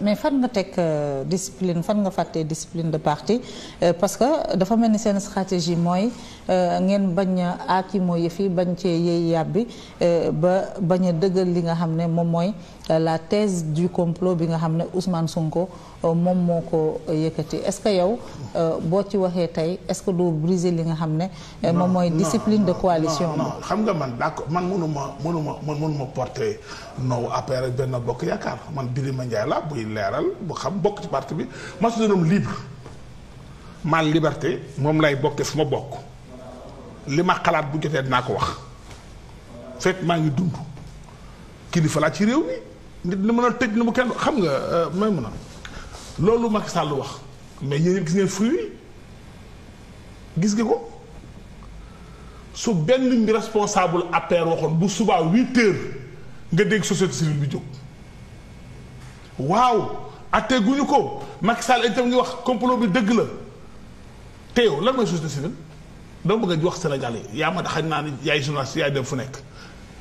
mais fan nga teg euh, discipline fan nga fàttee discipline de parti euh, parce que dafa mel ni seen stratégie mooy euh, ngeen bañ a aakimoo yëf yi bañ cee yëy yàbbi ba bañ a dëggal li nga xam ne moom mooy la thèse du complot bi nga xam ne Ousmane Sonko moom moo ko yëkkati est-ce que yow boo ci waxee tey est-ce que doo briser li nga xam ne moom mooy discipline de coalition non xam nga man d'accord man mënuma mënuma man mënuma porter noowu APR ak benn bokk yaakaar man Birima Ndiaye la buy leeral bu xam bokk ci parti bi ma su doon libre ma liberté moom lay bokkee fu ma bokk li ma xalaat bu jotee dinaa ko wax fekk maa ngi dund kilifa laa ci réew mi nit ñi mën a tëj ni mu kenn xam nga euh, may mun a loolu Macky Sall wax mais yéen gis ngeen fruit gis nga ko su benn bi responsable APR waxoon bu subaa huit heures nga dégg société civile bi jóg waaw guñu ko itam wax complot bi la te lan société civile bëgg Sénégal ma ni journaliste fu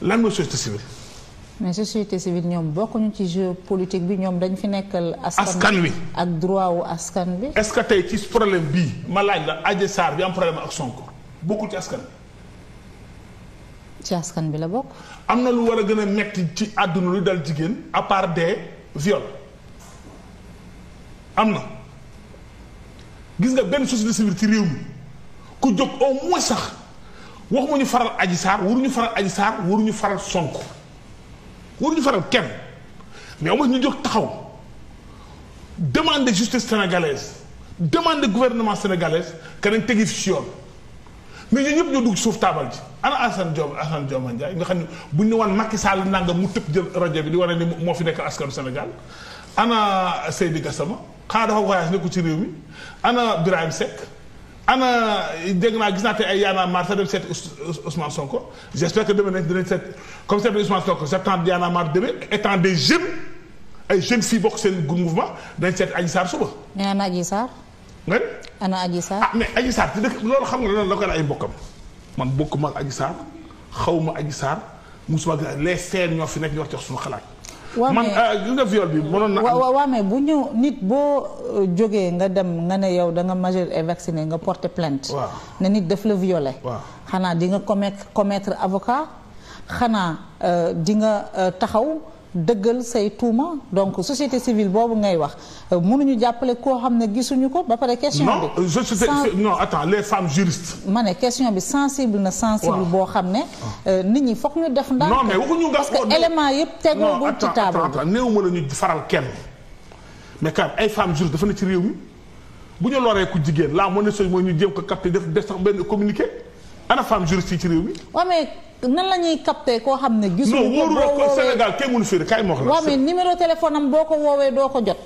lan société civile mais société civile ñoom bokkuñu ci jeu politique bi dañ droit wu askan bi est-ce que tey ci problème bii ma laaj la bi am problème ak ci askan ci askan bi la bokk. am na lu war a gën a metti ci àdduna lu dal jigéen à part des viols am na gis nga benn société civile ci réew mi ku jóg au moins sax waxuma ñu faral Adji Sarr waruñu faral Adji Sarr waruñu faral Sonko waruñu faral kenn mais au moins ñu jóg taxaw demande justice sénégalaise demande gouvernement sénégalaise que nañ tegi fi si yoon mais ñun ñëpp ñu dugg suuf taabal ci ana Assane Dioma Assane Dioma Ndiaye nga xamni bu ñu ne woon Macky Sall nangam mu tepp jël rajo bi di wone ni mo fi nekk askanu Sénégal ana Seydi Gassama xanaa dafa voyage nekku ci réew mi ana Ibrahim Seck ana dégg naa gis naa te ay Yaana Mar sa dem seeti Ousmane Sonko j' espère que demain nañ dinañ seet comme seeti Ousmane Sonko j' attends Yaana Mar demain étant des jeunes ay jeunes fii bokk seen mouvement dañ seet Adji Sarr suba. nee naa Adji ana Adji Sarr. ah mais Adji Sarr dëkk loolu xam nga loolu la ko ay mbokkam man bokkuma ak Adji Sarr xaw ma Adji Sarr musuma les seen ñoo fi nekk ñoo jox suñu xalaat. man ah, gis nga viol bi mënoon na. waaw waaw mais bu ñu nit boo euh, jógee nga dem nga ne yow da nga majeur et nga porté plainte. waaw ne nit daf la viole waaw xanaa dinga nga commettre commettre avocat xanaa euh, di nga euh, taxaw. dëggal say touma donc société civile bobu ngay wax euh, mënuñu jàppale ko xamné gisunu ko ba paré question bi non euh, je suis non attends les femmes juristes mané question bi sensible na sensible bo xamné ah. euh, nit ñi foog ñu def ndax non mais waxu ñu gas ko élément yépp yëpp bu ci table néew néwuma la ñu faral kenn mais quand ay femmes juristes dafa ne ci réew mi bu ñu loree ku jigen la mën na sooy ñu jéem ko capté def def sax benn communiqué ana femme juriste ci réew mi mais nan la ñuy capté koo xam ne. gisul ko non wóorul ko Sénégal kenn mënu fi kay ma la. waaw mais numéro téléphone am boo ko woowee doo ko jot.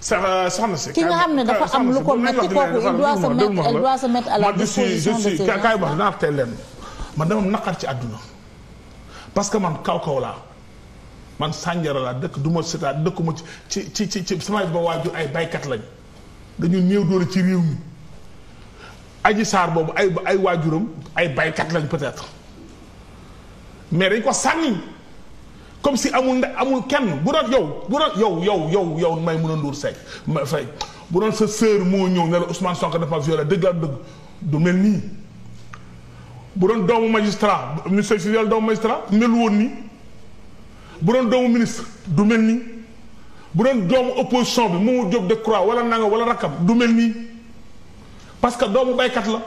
sa euh, soxna si. xam ne dafa am lu ko metti kooku il doit se mettre il doit se mettre à la disposition de ses ma wax teel leen ci àdduna parce que man kaw kaw man sànjara laa dëkk du ma sita dëkk ma ci ci ci ci samay ba waajur ay baykat lañ dañuy néew doole ci réew mi aji saar boobu ay ay waajuram ay baykat lañ peut mais dañ ko sànni comme si amul nda amul kenn bu doon yow bu yow yow yow yow may mën a nduur sekk ma fay bu doon sa sœur moo ñëw ne la Ousmane Sonko dafa violé dëgg la dëgg du mel nii bu doon doomu magistra monsieur si yàlla doomu magistrat mel woon nii bu doon doomu ministre du mel nii bu doon doomu opposition bi Mamadou Diop Decroix wala nanga wala rakkam du mel nii parce que doomu baykat la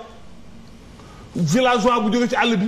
villageois bu jóge ci àll bi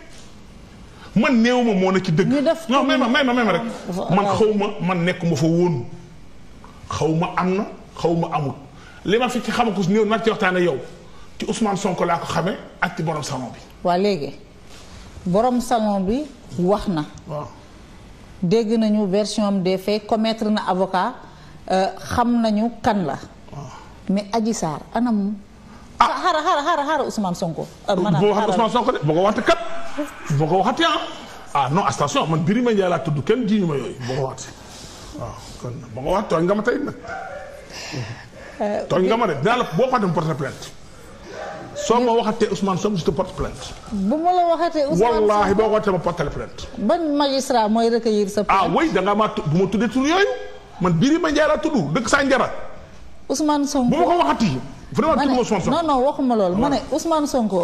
man néew ma moo na ci dëgg. ñu def non may ma may ma may ma rek. man xaw ma man nekk ma fa woon. xaw ma am na xaw ma amul li ma fi ci xam ko néew nag ci waxtaane yow ci Ousmane Sonko laa ko xamee ak borom salon bi. waa léegi borom salon bi wax na. dégg nañu version des faits commettre na avocat euh, xam nañu kan la. mais Adji Sarr anam. ah xaaral xaaral xaaral Ousmane Sonko. Euh, maanaam xaaral boo ko waxte kat. boo ko ya? ah non attention man Birima Ndiaye laa tudd kenn jiñu ma yooyu boo ko waxatee waaw kon boo ko waxat tooñ nga ma tey nag. tooñ nga ma de dinaa la boo ko dem porte plainte. soo ma Ousmane Sonko si te porte plainte. bu la waxatee Ousmane wallaahi boo ko ma porte plainte. ban magistrat mooy recueillir sa plainte. ah oui da nga ma bu ma tuddee tur yooyu man Birima Ndiaye laa tudd dëkk saa njara. Ousmane Sonko bu ma ko waxati. vraiment tudd Ousmane Sonko non non waxuma lool ma ne Ousmane Sonko.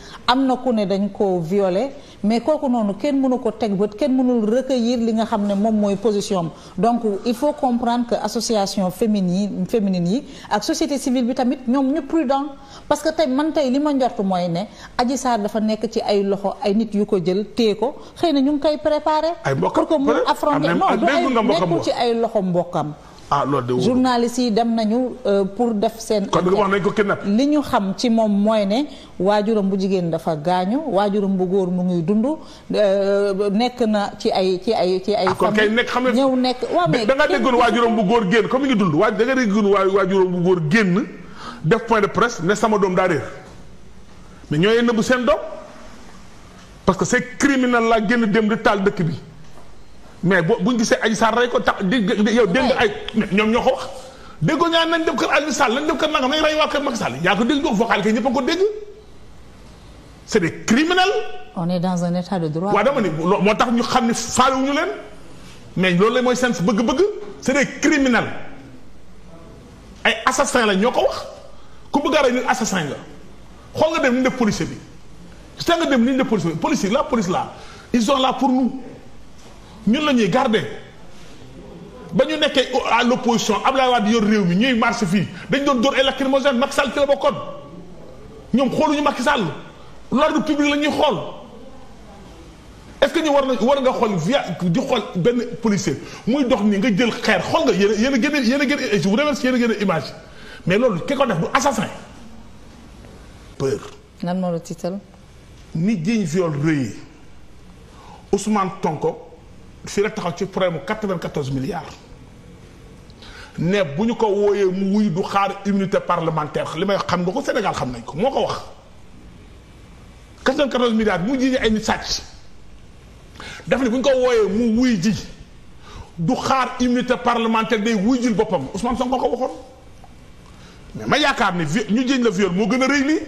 amna ko ne dañ ko violer mais kooku noonu ken mënu ko teg bët kenn mënul recueillir li nga xam mom moy position donc il faut comprendre que association féminine féminine yi ak société civile bi tamit ñom ñu prudent parce que tay man tay li ma njort mooy ne aji sar dafa nek ci ay loxo ay nit yu ko jël té ko xeyna na ñu ngi koy préparé pour que mu affronter ah, non ay loxo mbokkam ah loolu de journaliste yi dem nañu euh, pour def seen. kon wax nañ ko kidnap li ñu xam ci moom mooy ne waajuram bu jigéen dafa gaañu waajuram bu góor mu ngi dund euh, nekk na ci ay ci ay ci ay. Ah, kon kay nekk xam nga ñëw nekk waaw mais da nga déggoon waajuram bu góor génn comme mi ngi dund waa da nga déggoon waajuram bu góor génn def point de presse ne sama doom daa réer mais ñooy nëbb seen doom parce que c'est criminel laa génn dem di taal dëkk bi. mais bu buñ gisee Adji saa rey ko tax di yow dégg ay ñoom ñoo ko wax déggoo ñaan nañ dem kër Adji Sarr lañ dem kër nangam nañ rey waa kër Macky yaa ko dégg donc vocal kay a ko dégg c'est des criminels. on est dans un état de droit. ñu xam ne mais loolu la mooy seen bëgg-bëgg c'est des criminels ay assassins lañ ñoo ko wax ku bëgg a rey nit assassin nga xool nga dem ni def policier bi. gis nga dem ni def policier bi policier la police la ils sont pour nous. Nous, la garder ba ñu sommes à l'opposition, sommes Abdoulaye Wade yor réew mi ñuy marché fi dañ doon dóor ay lacrymogène ci la bokkoon ñoom xooluñu Macky Sall l'ordre public la est ce que ñu war des war nga xol di xol ben policier muy dox ni nga jël xeer xol nga a je vous remercie yéen a image mais lolu kiko def du assassin peur. nan titre la tiital. ni diñ viol reuy Ousmane tonko si la taxaw ci problème 94 milliards ne bu ko woyé mu wuy du xaar immunité parlementaire limay xam nga ko Sénégal xam nañ ko moko wax 94 milliards mu jiji ay nit sàcc daf ni buñ ko woyé mu wuy ji du xaar immunité parlementaire day wuy jul boppam Ousmane Sonko ko waxoon mais ma yaakaar ni ñu jiiñ la viol moo gën a rëy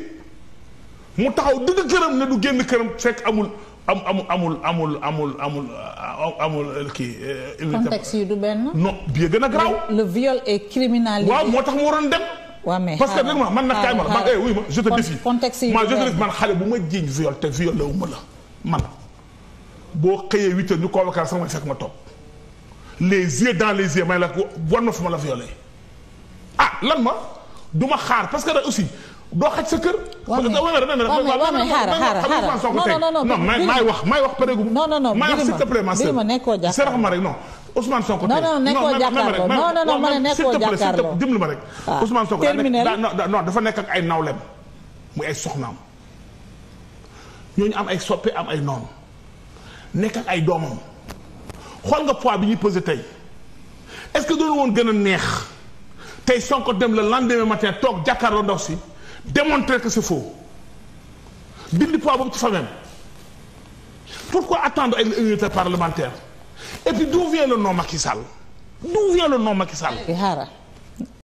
mu taxaw dëgg këram ne du génn këram fekk amul amul amul amul amul amul amul euh, kii. Euh, contexte yi du ben non bii gëna graw le viol est criminalisé. wa motax mo mu dem. wa mais parce que dégg man nag kaay ma man eh oui ma je te défie. contexte yi man je te défie man xalé buma djign viol te violé wu ma la man bo xeyé 8h ñu ko sax sama fekk ma top les yeux dans les yeux may la ko wan la violé ah lan ma duma xaar parce que da aussi do xaj sa kër. waa mais waaw mais xaaral xaaral xaaral non non wax maay wax pare gu. non non non maay wax s'il te plaît ma sœur sarax ma rek non Ousmane Sonko tey non nekkoo jàkkaarloo non ne nekkoo jàkkaarloo dimbali ma rek. Ah, Ousmane am ay soppe am ay noonu ay doomam nga poids bi ñuy pesé tey ce que doon woon gën a neex tey Sonko dem le lendemain matin toog jàkkaarloo ndox si. démontrer que c'est faux pourquoi attendre une unité parlementaire et puis d'où vient le nom Makissal d'où vient le nom Makissal